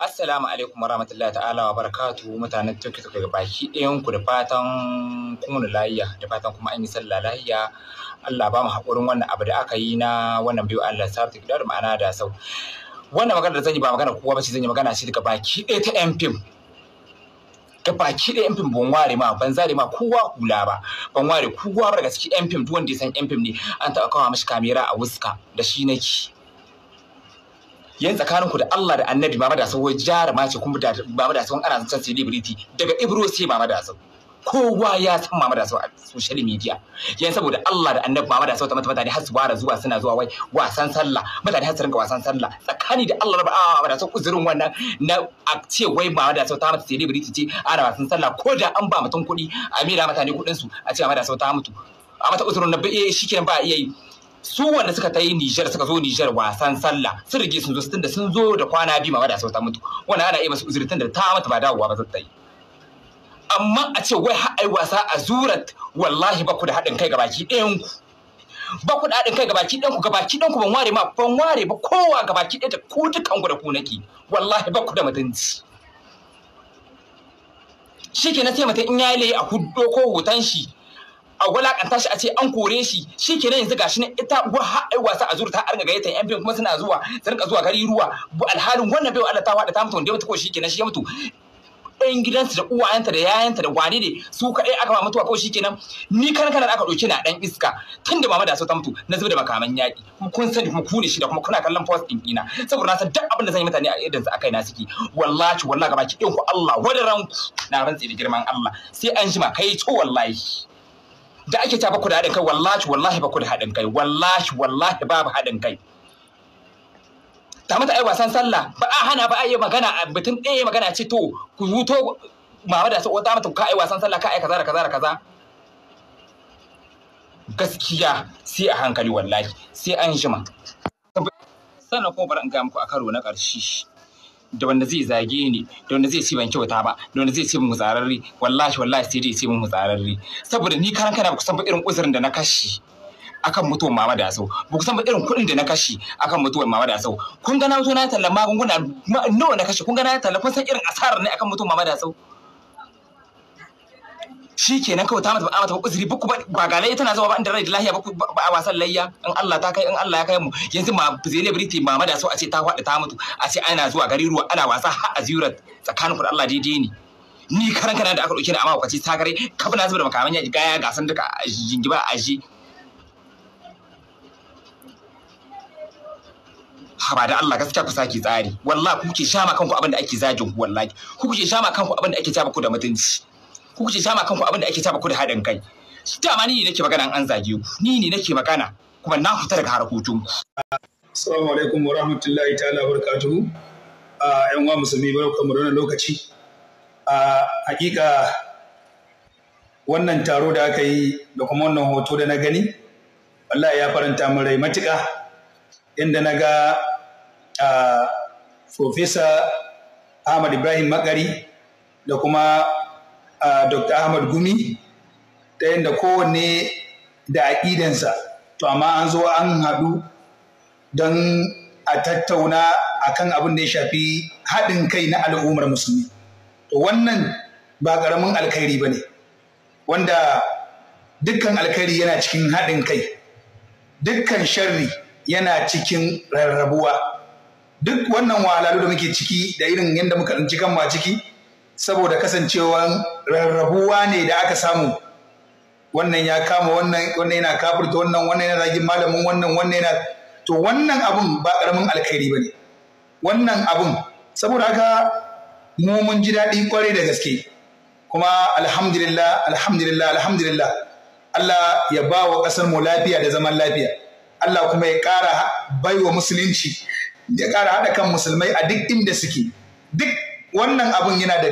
Assalamu alaikum warahmatullahi ta'ala wa barakatuhu mutanen Turkey daga baki ɗayan ku da fatan kun lahiya da fatan kuma an yi sallah lahiya Allah ba mu haƙurin wannan abu da aka yi na wannan biyu Allah sarfi da ma'ana da sau wannan magana da zan yi ba magana kowa ba ce zan yi magana ce daga baki ɗaya ta yan fim ga baki ɗaya yan fim ban ware ma ban zare ma kowa hula ba ban ware kowa ba daga ciki yan fim duk wanda ya san yan fim ne an taɓa kawo mashi kamera a wuska da shi nake yan tsakanin ku da Allah da Annabi Mama da jara jaruma ce kuma Mama da sau ana zancen celebrity daga Ibro sai Mama da sau kowa ya san Mama da sau a social media yan saboda Allah da Annabi Mama da sau ta mata mutane har su bara zuwa suna zuwa wai wasan sallah mutane har su rinka wasan sallah tsakani da Allah ba Mama da sau uzurin wannan na a ce wai Mama da sau ta mata celebrity ce ana wasan sallah ko da an ba mutum kuɗi a mera mutane kuɗin su a ce Mama da sau ta mutu a mata uzurin na ba eh, shi kenan ba iya yi su wanda suka ta yi Nijar suka zo Nijar wasan sallah sun rige sun zo tunda sun zo da kwana biyu ma da sau ta mutu wannan ana iya masu uzuri tunda ta mata ba dawowa ba zai yi amma a ce wai ai wasa a zurat wallahi ba ku da haɗin kai gabaki ɗayan ku ba ku da haɗin kai gabaki ɗayan ku gabaki ɗayan ku ban ware ma ban ware ba kowa gabaki ɗaya da ku dukan ku da ku nake wallahi ba ku da mutunci na sai mutum in ya layi a huddo ko hoton shi a walakanta shi a ce an kore shi shi kenan yanzu gashi ne ita wasa a zuru ta arga yatan yan kuma suna zuwa sun rinka zuwa gari ruwa alhalin wannan bai Allah ta faɗa ta mutu wanda ya mutu ko shi kenan shi ya mutu ɗayan gidansa da uwayenta da yayanta da wane ne su kaɗai aka ba mutuwa ko shikenan ni kan kana aka ɗauki na ɗan iska Tun da mama da so ta mutu na zuba da makaman yaƙi kuma kun sani kuma ku ne shi da kuma kuna kallon post ɗin ina saboda na san duk abin da zan yi mutane a idan su akai na siki wallahi wallahi gaba ki ɗin ku Allah wadaran na rantsi da girman Allah sai an jima kai to wallahi da ake ta baku da haɗin kai wallahi wallahi baku da haɗin kai wallahi wallahi babu haɗin kai ta mata ai wasan sallah ba a hana ba a yi magana a mutum ɗaya magana ce to ku huto mama da su ta mata ka ai wasan sallah ka ai kaza da kaza da kaza gaskiya sai a hankali wallahi sai an jima sannan kuma bari in ga muku a karo na ƙarshe da wanda zai zage ni da wanda zai siban ban kyauta ba da wanda zai siban mu zararri wallahi wallahi sai dai siban mu zararri saboda ni karan kana kusan ba irin uzurin da na kashi akan mutuwar mama da sau ba kusan ba irin kuɗin da na kashi akan mutuwar mama da sau kun ga na zo na talla magunguna nawa na kashi kun ga na talla kun san irin asarar ne akan mutuwar mama da sau shi kenan kawai ta mata ba mata uzuri ba ba ga lai tana zuwa ba inda rai da lahiya ba ba a wasan layya in Allah ta kai in Allah ya kai mu yanzu ma celebrity ma da so a ce ta faɗi ta mutu a ce ana zuwa gari ruwa ana wasa ha a ziyurat tsakanin ku da Allah daidai ne ni karan kana da aka dauke ni amma kwace ta gare kafa na zuba da makaman ya gaya gasan duka jingiba a ji haba da Allah gaskiya ku saki tsari wallahi kuke shama kanku abin da ake zagin ku wallahi kuke shama kanku abin da ake jaba ku da mutunci ku kuce sama kanku abin da ake sama ku da haɗin kai ma ni ne nake magana an zage ku ni ne nake magana kuma na fita daga harkokin ku assalamu alaikum wa rahmatullahi ta'ala barakatuhu a ah, yan uwa musulmi mu da wannan lokaci a ah, hakika wannan taro da aka yi da kuma wannan hoto da na gani wallahi ya faranta min rai matuƙa inda na ga ah, Profesa Ahmad Ibrahim Makari da kuma a Dr. Ahmad Gumi ta yadda kowanne da aƙidansa to amma an zo an haɗu don a tattauna a kan abin da ya shafi haɗin kai na al'ummar musulmi to wannan ba ƙaramin alkhairi ba ne wanda dukkan alkhairi yana cikin haɗin kai dukkan sharri yana cikin rarrabuwa duk wannan wahalalu da muke ciki da irin yadda muka ɗanci kan ma ciki saboda kasancewan rarrabuwa ne da aka samu wannan ya kama wannan wannan yana kafirta wannan wannan yana zagin malamin wannan wannan yana to wannan abun ba karamin alkhairi bane wannan abun saboda haka mu mun ji daɗi kwarai da gaske kuma alhamdulillah alhamdulillah alhamdulillah Allah ya ba wa ƙasar mu lafiya da zaman lafiya Allah kuma ya ƙara baiwa musulunci ya ƙara haɗa kan musulmai a duk inda suke duk wannan abun yana da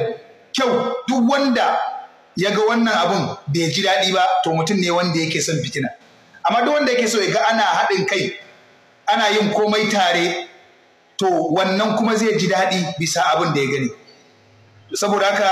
kyau duk wanda ya ga wannan abun bai ji daɗi ba to mutum ne wanda yake son fitina amma duk wanda yake so ya ga ana haɗin kai ana yin komai tare to wannan kuma zai ji daɗi bisa abin da ya gani saboda haka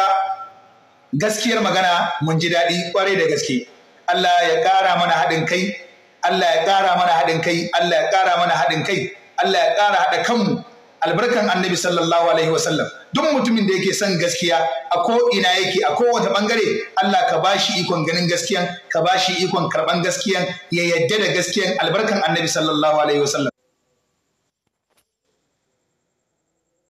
gaskiyar magana mun ji daɗi kwarai da gaske Allah ya ƙara mana haɗin kai Allah ya ƙara mana haɗin kai Allah ya ƙara mana haɗin kai Allah ya ƙara haɗa kanmu albarkan annabi sallallahu alaihi wasallam duk mutumin da yake son gaskiya a ko ina yake a kowace bangare Allah ka bashi ikon ganin gaskiyan ka bashi ikon karban gaskiyan ya yadda da gaskiyan albarkan annabi sallallahu alaihi wasallam